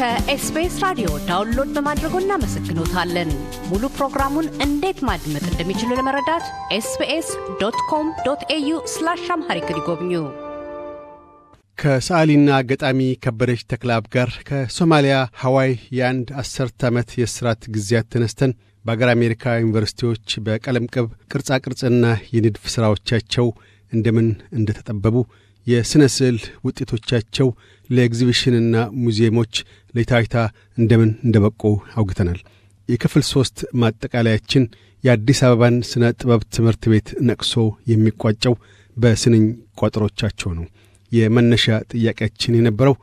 ከኤስቢኤስ ራዲዮ ዳውንሎድ በማድረጎ እናመሰግኖታለን። ሙሉ ፕሮግራሙን እንዴት ማድመጥ እንደሚችሉ ለመረዳት ኤስቢኤስ ዶት ኮም ዶት ኤዩ ስላሽ አምሃሪክ ይጎብኙ። ከሰዓሊና ገጣሚ ከበደች ተክላብ ጋር ከሶማሊያ ሐዋይ የአንድ አሠርተ ዓመት የእስራት ጊዜያት ተነስተን በአገር አሜሪካ ዩኒቨርሲቲዎች በቀለም ቅብ ቅርጻቅርጽና የንድፍ ሥራዎቻቸው እንደምን እንደተጠበቡ የሥነ ስዕል ውጤቶቻቸው ለኤግዚቢሽንና ሙዚየሞች ለታይታ እንደምን እንደበቁ አውግተናል። የክፍል ሦስት ማጠቃለያችን የአዲስ አበባን ሥነ ጥበብ ትምህርት ቤት ነቅሶ የሚቋጨው በስንኝ ቋጠሮቻቸው ነው። የመነሻ ጥያቄያችን የነበረው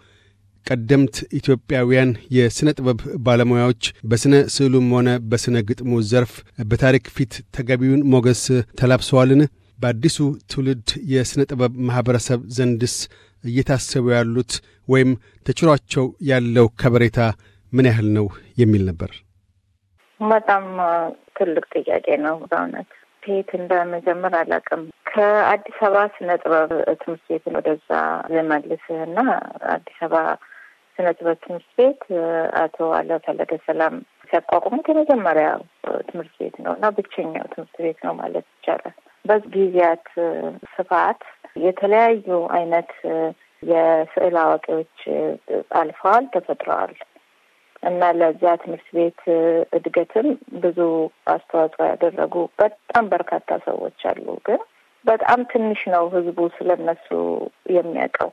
ቀደምት ኢትዮጵያውያን የሥነ ጥበብ ባለሙያዎች በሥነ ስዕሉም ሆነ በሥነ ግጥሙ ዘርፍ በታሪክ ፊት ተገቢውን ሞገስ ተላብሰዋልን? በአዲሱ ትውልድ የሥነ ጥበብ ማኅበረሰብ ዘንድስ እየታሰቡ ያሉት ወይም ተችሏቸው ያለው ከበሬታ ምን ያህል ነው የሚል ነበር። በጣም ትልቅ ጥያቄ ነው በእውነት ከየት እንደመጀመር አላውቅም። ከአዲስ አበባ ስነ ጥበብ ትምህርት ቤት ወደዛ ልመልስህ እና አዲስ አበባ ስነ ጥበብ ትምህርት ቤት አቶ አለ ፈለገ ሰላም ሲያቋቁሙት የመጀመሪያ ትምህርት ቤት ነው እና ብቸኛው ትምህርት ቤት ነው ማለት ይቻላል። በጊዜያት ስፋት የተለያዩ አይነት የስዕል አዋቂዎች አልፈዋል፣ ተፈጥረዋል እና ለዚያ ትምህርት ቤት እድገትም ብዙ አስተዋጽኦ ያደረጉ በጣም በርካታ ሰዎች አሉ። ግን በጣም ትንሽ ነው ህዝቡ ስለነሱ የሚያውቀው።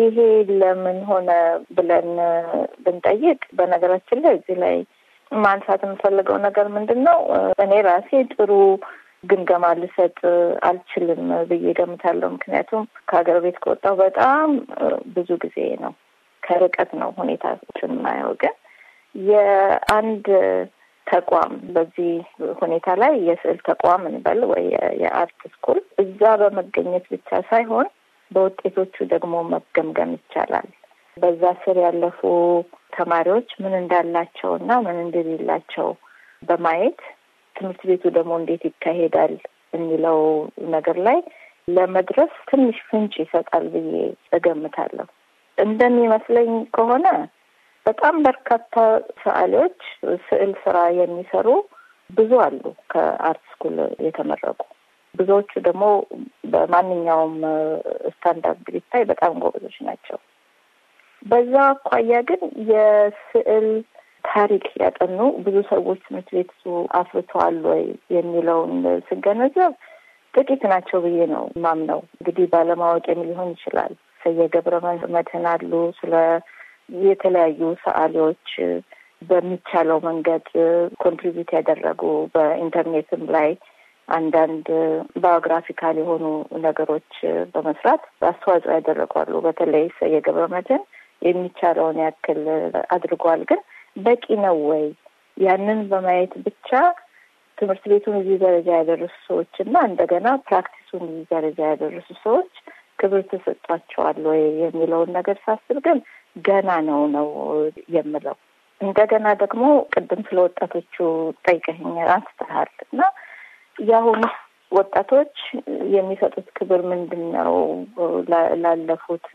ይሄ ለምን ሆነ ብለን ብንጠይቅ፣ በነገራችን ላይ እዚህ ላይ ማንሳት የምፈልገው ነገር ምንድን ነው እኔ ራሴ ጥሩ ግምገማ ልሰጥ አልችልም ብዬ ገምታለሁ። ምክንያቱም ከሀገር ቤት ከወጣው በጣም ብዙ ጊዜ ነው። ከርቀት ነው ሁኔታ ስናየው። ግን የአንድ ተቋም በዚህ ሁኔታ ላይ የስዕል ተቋም እንበል ወይ የአርት ስኩል እዛ በመገኘት ብቻ ሳይሆን በውጤቶቹ ደግሞ መገምገም ይቻላል። በዛ ስር ያለፉ ተማሪዎች ምን እንዳላቸው እና ምን እንደሌላቸው በማየት ትምህርት ቤቱ ደግሞ እንዴት ይካሄዳል የሚለው ነገር ላይ ለመድረስ ትንሽ ፍንጭ ይሰጣል ብዬ እገምታለሁ። እንደሚመስለኝ ከሆነ በጣም በርካታ ሰዓሊዎች ስዕል ስራ የሚሰሩ ብዙ አሉ ከአርት ስኩል የተመረቁ። ብዙዎቹ ደግሞ በማንኛውም ስታንዳርድ ቢታይ በጣም ጎበዞች ናቸው። በዛ አኳያ ግን የስዕል ታሪክ ያጠኑ ብዙ ሰዎች ትምህርት ቤት እሱ አፍርተዋል ወይ የሚለውን ስገነዘብ ጥቂት ናቸው ብዬ ነው ማምነው። እንግዲህ ባለማወቅም ሊሆን ይችላል። ስየገብረ መትን አሉ ስለ የተለያዩ ሰዓሊዎች በሚቻለው መንገድ ኮንትሪቢዩት ያደረጉ በኢንተርኔትም ላይ አንዳንድ ባዮግራፊካል የሆኑ ነገሮች በመስራት አስተዋጽኦ ያደረጓሉ። በተለይ ስየገብረ መትን የሚቻለውን ያክል አድርጓል ግን በቂ ነው ወይ? ያንን በማየት ብቻ ትምህርት ቤቱን እዚህ ደረጃ ያደረሱ ሰዎች እና እንደገና ፕራክቲሱን እዚህ ደረጃ ያደረሱ ሰዎች ክብር ተሰጧቸዋል ወይ የሚለውን ነገር ሳስብ ግን ገና ነው ነው የምለው። እንደገና ደግሞ ቅድም ስለ ወጣቶቹ ጠይቀኸኝ አንስተሃል እና የአሁኑ ወጣቶች የሚሰጡት ክብር ምንድን ነው ላለፉት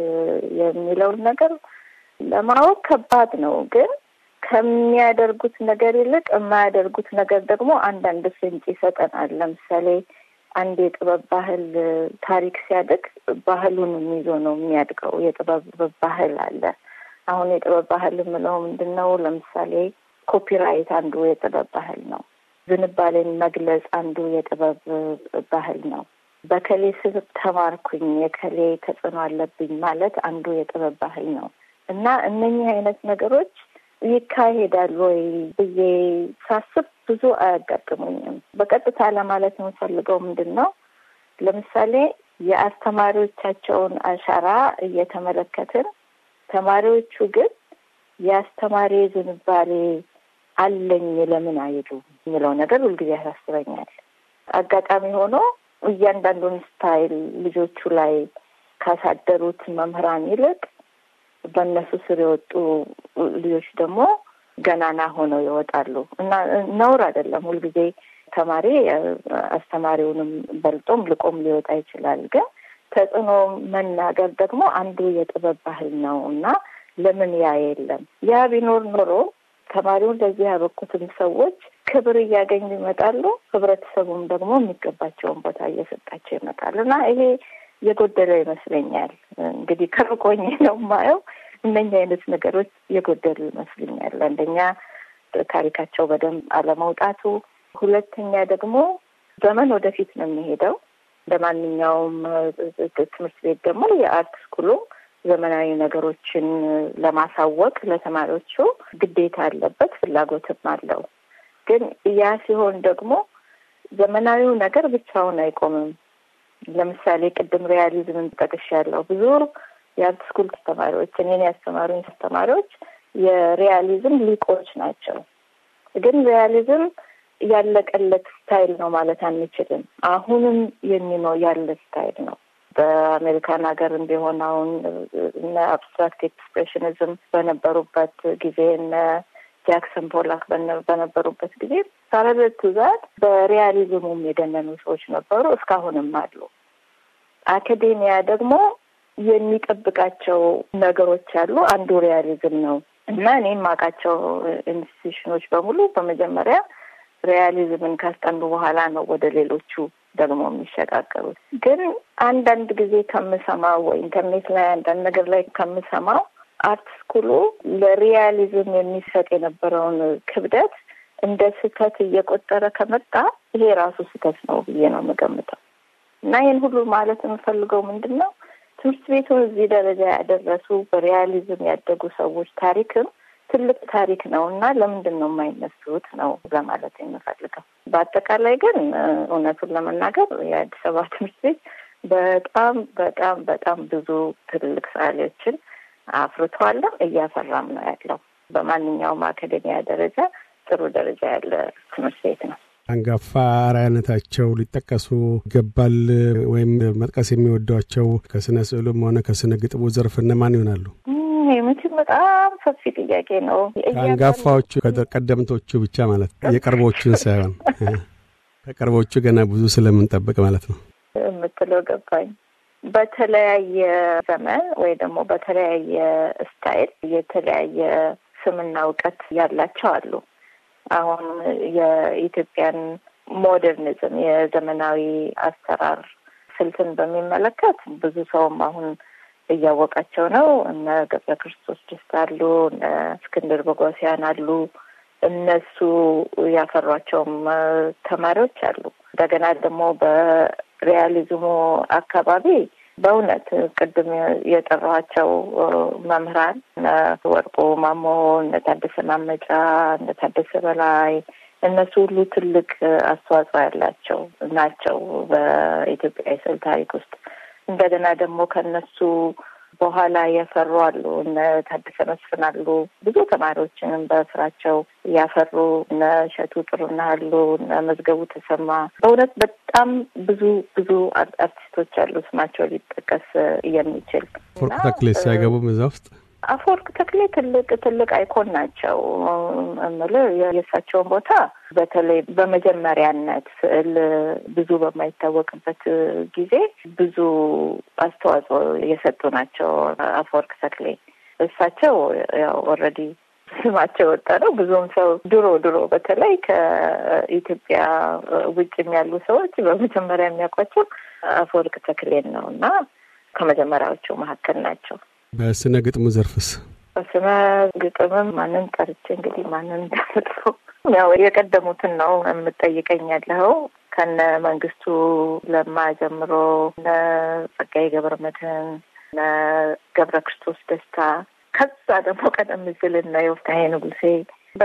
የሚለውን ነገር ለማወቅ ከባድ ነው ግን ከሚያደርጉት ነገር ይልቅ የማያደርጉት ነገር ደግሞ አንዳንድ ፍንጭ ይሰጠናል። ለምሳሌ አንድ የጥበብ ባህል ታሪክ ሲያድግ ባህሉን ይዞ ነው የሚያድገው። የጥበብ ባህል አለ። አሁን የጥበብ ባህል የምለው ምንድን ነው? ለምሳሌ ኮፒራይት አንዱ የጥበብ ባህል ነው። ዝንባሌን መግለጽ አንዱ የጥበብ ባህል ነው። በከሌ ስብብ ተማርኩኝ፣ የከሌ ተጽዕኖ አለብኝ ማለት አንዱ የጥበብ ባህል ነው እና እነኚህ አይነት ነገሮች ይካሄዳል ወይ ብዬ ሳስብ ብዙ አያጋጥሙኝም። በቀጥታ ለማለት የምፈልገው ምንድን ነው፣ ለምሳሌ የአስተማሪዎቻቸውን አሻራ እየተመለከትን ተማሪዎቹ ግን የአስተማሪ ዝንባሌ አለኝ ለምን አይሉ የሚለው ነገር ሁልጊዜ ያሳስበኛል። አጋጣሚ ሆኖ እያንዳንዱን ስታይል ልጆቹ ላይ ካሳደሩት መምህራን ይልቅ በእነሱ ስር የወጡ ልጆች ደግሞ ገናና ሆነው ይወጣሉ እና ነውር አይደለም። ሁልጊዜ ተማሪ አስተማሪውንም በልጦም ልቆም ሊወጣ ይችላል። ግን ተጽዕኖ መናገር ደግሞ አንዱ የጥበብ ባህል ነው እና ለምን ያ የለም? ያ ቢኖር ኖሮ ተማሪውን ለዚህ ያበቁትም ሰዎች ክብር እያገኙ ይመጣሉ። ህብረተሰቡም ደግሞ የሚገባቸውን ቦታ እየሰጣቸው ይመጣሉ እና ይሄ የጎደለ ይመስለኛል። እንግዲህ ከሩቆኝ ነው የማየው። እነኛ አይነት ነገሮች የጎደሉ ይመስለኛል። አንደኛ ታሪካቸው በደንብ አለመውጣቱ፣ ሁለተኛ ደግሞ ዘመን ወደፊት ነው የሚሄደው። እንደ ማንኛውም ትምህርት ቤት ደግሞ የአርት ስኩሉ ዘመናዊ ነገሮችን ለማሳወቅ ለተማሪዎቹ ግዴታ አለበት፣ ፍላጎትም አለው። ግን ያ ሲሆን ደግሞ ዘመናዊው ነገር ብቻውን አይቆምም። ለምሳሌ ቅድም ሪያሊዝምን ጠቅሻለሁ። ብዙ የአርት ስኩል ተማሪዎች እኔን ያስተማሩኝ ተማሪዎች የሪያሊዝም ሊቆች ናቸው። ግን ሪያሊዝም ያለቀለት ስታይል ነው ማለት አንችልም። አሁንም የሚኖር ያለ ስታይል ነው። በአሜሪካን ሀገርም ቢሆን አሁን እነ አብስትራክት ኤክስፕሬሽኒዝም በነበሩበት ጊዜ እነ ጃክሰን ፖላክ በነበሩበት ጊዜ ሳረበት ዛት በሪያሊዝሙም የደነኑ ሰዎች ነበሩ፣ እስካሁንም አሉ። አካዴሚያ ደግሞ የሚጠብቃቸው ነገሮች አሉ። አንዱ ሪያሊዝም ነው እና እኔም የማውቃቸው ኢንስቲትዩሽኖች በሙሉ በመጀመሪያ ሪያሊዝምን ካስጠኑ በኋላ ነው ወደ ሌሎቹ ደግሞ የሚሸጋገሩት። ግን አንዳንድ ጊዜ ከምሰማው ወይ ኢንተርኔት ላይ አንዳንድ ነገር ላይ ከምሰማው አርት ስኩሉ ለሪያሊዝም የሚሰጥ የነበረውን ክብደት እንደ ስህተት እየቆጠረ ከመጣ ይሄ ራሱ ስህተት ነው ብዬ ነው የምገምተው። እና ይህን ሁሉ ማለት የምፈልገው ምንድን ነው ትምህርት ቤቱን እዚህ ደረጃ ያደረሱ በሪያሊዝም ያደጉ ሰዎች ታሪክም ትልቅ ታሪክ ነው እና ለምንድን ነው የማይነሱት ነው ለማለት የምፈልገው። በአጠቃላይ ግን እውነቱን ለመናገር የአዲስ አበባ ትምህርት ቤት በጣም በጣም በጣም ብዙ ትልቅ ሰዓሊዎችን አፍርቷለሁ እያፈራም ነው ያለው። በማንኛውም አካደሚያ ደረጃ ጥሩ ደረጃ ያለ ትምህርት ቤት ነው። አንጋፋ አርአያነታቸው ሊጠቀሱ ይገባል ወይም መጥቀስ የሚወዷቸው ከስነ ስዕሉም ሆነ ከስነ ግጥቡ ዘርፍ እነማን ይሆናሉ? መቼም በጣም ሰፊ ጥያቄ ነው። ከአንጋፋዎቹ ከቀደምቶቹ ብቻ ማለት የቅርቦቹን ሳይሆን ከቅርቦቹ ገና ብዙ ስለምንጠብቅ ማለት ነው የምትለው ገባኝ። በተለያየ ዘመን ወይ ደግሞ በተለያየ ስታይል የተለያየ ስምና እውቀት ያላቸው አሉ። አሁን የኢትዮጵያን ሞደርኒዝም የዘመናዊ አሰራር ስልትን በሚመለከት ብዙ ሰውም አሁን እያወቃቸው ነው። እነ ገብረ ክርስቶስ ደስታ አሉ፣ እነ እስክንድር ቦጎሲያን አሉ። እነሱ ያፈሯቸውም ተማሪዎች አሉ። እንደገና ደግሞ ሪያሊዝሙ አካባቢ በእውነት ቅድም የጠሯቸው መምህራን እነ ማሞ፣ እነ ታደሰ ማመጫ፣ እነ ታደሰ በላይ እነሱ ሁሉ ትልቅ አስተዋጽኦ ያላቸው ናቸው በኢትዮጵያ የስዕል ታሪክ ውስጥ። እንደገና ደግሞ ከነሱ በኋላ የፈሩ አሉ። እነ ታደሰ መስፍን አሉ። ብዙ ተማሪዎችንም በስራቸው እያፈሩ እነ እሸቱ ጥሩና አሉ፣ እነ መዝገቡ ተሰማ። በእውነት በጣም ብዙ ብዙ አርቲስቶች አሉ ስማቸው ሊጠቀስ የሚችል ተክሌ ሲያገቡም እዛ ውስጥ አፈወርቅ ተክሌ ትልቅ ትልቅ አይኮን ናቸው። እምልህ የእሳቸውን ቦታ በተለይ በመጀመሪያነት ስዕል ብዙ በማይታወቅበት ጊዜ ብዙ አስተዋጽኦ የሰጡ ናቸው አፈወርቅ ተክሌ። እሳቸው ያው ኦልሬዲ ስማቸው ወጣ ነው። ብዙም ሰው ድሮ ድሮ በተለይ ከኢትዮጵያ ውጭም ያሉ ሰዎች በመጀመሪያ የሚያውቋቸው አፈወርቅ ተክሌን ነው እና ከመጀመሪያዎቹ መካከል ናቸው። በስነ ግጥም ዘርፍስ? በስነ ግጥምም ማንን ጠርቼ እንግዲህ ማንን እንዳመጥፈው ያው የቀደሙትን ነው የምጠይቀኝ ያለኸው ከነ መንግስቱ ለማ ጀምሮ እነ ጸጋዬ ገብረ መድህን እነ ገብረ ክርስቶስ ደስታ ከዛ ደግሞ ቀደም ሲል እነ ዮፍታሄ ንጉሴ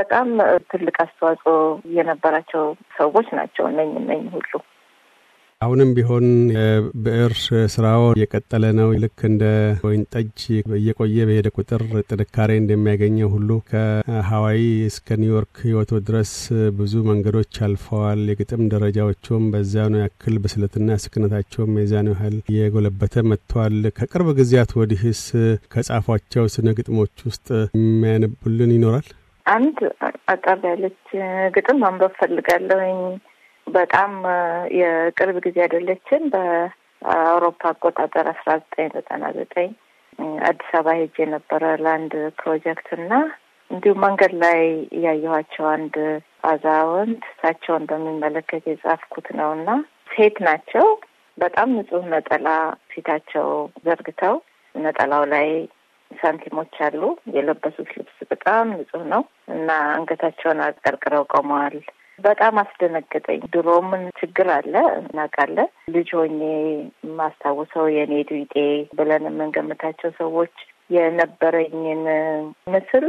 በጣም ትልቅ አስተዋጽኦ የነበራቸው ሰዎች ናቸው። እነኝ እነኝ ሁሉ አሁንም ቢሆን የብዕር ስራው የቀጠለ ነው። ልክ እንደ ወይን ጠጅ እየቆየ በሄደ ቁጥር ጥንካሬ እንደሚያገኘው ሁሉ ከሀዋይ እስከ ኒውዮርክ ህይወቶ ድረስ ብዙ መንገዶች አልፈዋል። የግጥም ደረጃዎቹም በዚያኑ ያክል በስለትና ስክነታቸውም የዛኑ ያህል እየጎለበተ መጥተዋል። ከቅርብ ጊዜያት ወዲህስ ከጻፏቸው ስነ ግጥሞች ውስጥ የሚያነቡልን ይኖራል? አንድ አጠር ያለች ግጥም ማንበብ ፈልጋለሁ። በጣም የቅርብ ጊዜ አይደለችም። በአውሮፓ አቆጣጠር አስራ ዘጠኝ ዘጠና ዘጠኝ አዲስ አበባ ሄጄ የነበረ ለአንድ ፕሮጀክት እና እንዲሁም መንገድ ላይ እያየኋቸው አንድ አዛውንት እሳቸውን በሚመለከት የጻፍኩት ነው እና ሴት ናቸው። በጣም ንጹህ ነጠላ ፊታቸው ዘርግተው ነጠላው ላይ ሳንቲሞች አሉ። የለበሱት ልብስ በጣም ንጹህ ነው እና አንገታቸውን አቀርቅረው ቆመዋል። በጣም አስደነገጠኝ። ድሮ ምን ችግር አለ እናውቃለን። ልጅ ሆኜ የማስታውሰው የኔ ዱጤ ብለን የምንገምታቸው ሰዎች የነበረኝን ምስል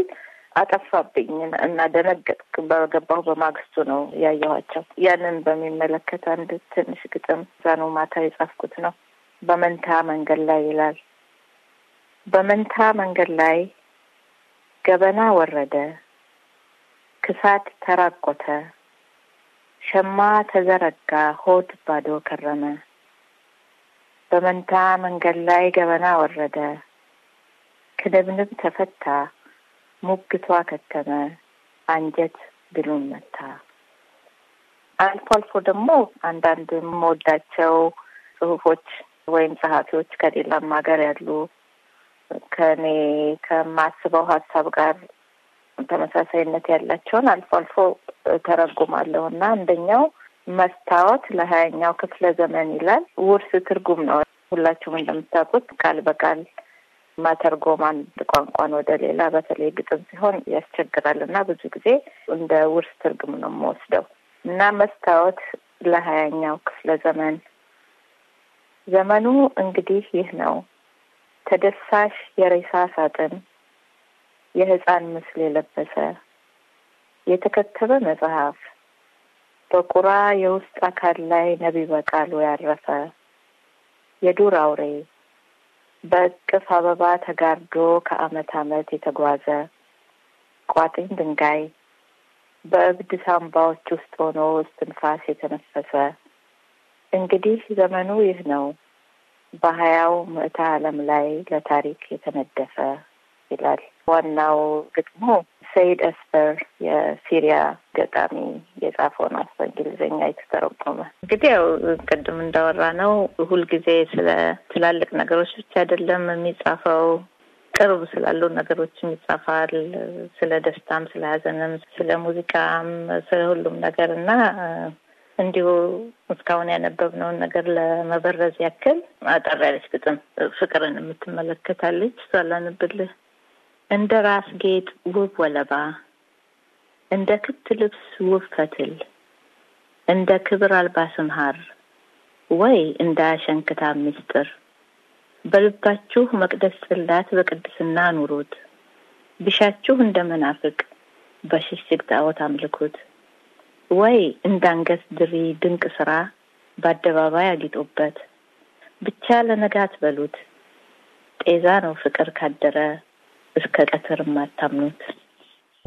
አጠፋብኝ እና ደነገጥኩ። በገባሁ በማግስቱ ነው ያየኋቸው። ያንን በሚመለከት አንድ ትንሽ ግጥም እዛ ነው ማታ የጻፍኩት ነው። በመንታ መንገድ ላይ ይላል። በመንታ መንገድ ላይ ገበና ወረደ፣ ክሳት ተራቆተ ሸማ ተዘረጋ፣ ሆድ ባዶ ከረመ። በመንታ መንገድ ላይ ገበና ወረደ፣ ክንብንብ ተፈታ፣ ሙግቷ ከተመ፣ አንጀት ብሉን መታ። አልፎ አልፎ ደግሞ አንዳንድ የምወዳቸው ጽሁፎች ወይም ጸሐፊዎች ከሌላም ሀገር ያሉ ከእኔ ከማስበው ሀሳብ ጋር ተመሳሳይነት ያላቸውን አልፎ አልፎ ተረጉማለሁ እና አንደኛው መስታወት ለሀያኛው ክፍለ ዘመን ይላል። ውርስ ትርጉም ነው። ሁላችሁም እንደምታውቁት ቃል በቃል ማተርጎም አንድ ቋንቋን ወደ ሌላ በተለይ ግጥም ሲሆን ያስቸግራል እና ብዙ ጊዜ እንደ ውርስ ትርጉም ነው የምወስደው እና መስታወት ለሀያኛው ክፍለ ዘመን ዘመኑ እንግዲህ ይህ ነው። ተደሳሽ የሬሳ ሳጥን የህፃን ምስል የለበሰ የተከተበ መጽሐፍ በቁራ የውስጥ አካል ላይ ነቢ በቃሉ ያረፈ የዱር አውሬ በእቅፍ አበባ ተጋርዶ ከአመት አመት የተጓዘ ቋጥኝ ድንጋይ በእብድ ሳምባዎች ውስጥ ሆኖ እስትንፋስ የተነፈሰ እንግዲህ ዘመኑ ይህ ነው። በሀያው ምዕተ ዓለም ላይ ለታሪክ የተነደፈ ይላል። ዋናው ግጥሙ ሰይድ አስበር የሲሪያ ገጣሚ የጻፈው ነው። በእንግሊዝኛ የተተረጎመ እንግዲህ ያው ቅድም እንዳወራ ነው ሁልጊዜ ስለ ትላልቅ ነገሮች ብቻ አይደለም የሚጻፈው ቅርብ ስላሉ ነገሮችም ይጻፋል። ስለ ደስታም፣ ስለ ሐዘንም፣ ስለ ሙዚቃም፣ ስለ ሁሉም ነገር እና እንዲሁ እስካሁን ያነበብነውን ነገር ለመበረዝ ያክል አጠር ያለች ግጥም ፍቅርን የምትመለከታለች እሷ ላንብልህ እንደ ራስ ጌጥ ውብ ወለባ፣ እንደ ክት ልብስ ውብ ፈትል፣ እንደ ክብር አልባስም ሐር ወይ እንደ አሸንክታ ምስጢር በልባችሁ መቅደስ ጽላት በቅድስና ኑሩት። ብሻችሁ እንደ መናፍቅ በሽሽግ ጣዖት አምልኩት። ወይ እንደ አንገት ድሪ ድንቅ ስራ በአደባባይ አጊጦበት ብቻ ለነጋ አትበሉት። ጤዛ ነው ፍቅር ካደረ እስከ ቀትር የማታምኑት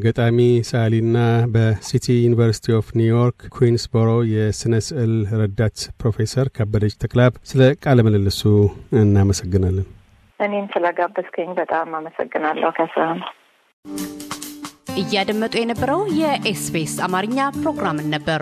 ገጣሚ ሰዓሊና በሲቲ ዩኒቨርሲቲ ኦፍ ኒውዮርክ ኩዊንስቦሮ የሥነ ስዕል ረዳት ፕሮፌሰር ከበደች ተክላብ ስለ ቃለ ምልልሱ እናመሰግናለን። እኔም ስለጋበዝከኝ በጣም አመሰግናለሁ ከስራ እያደመጡ የነበረው የኤስቢኤስ አማርኛ ፕሮግራምን ነበር።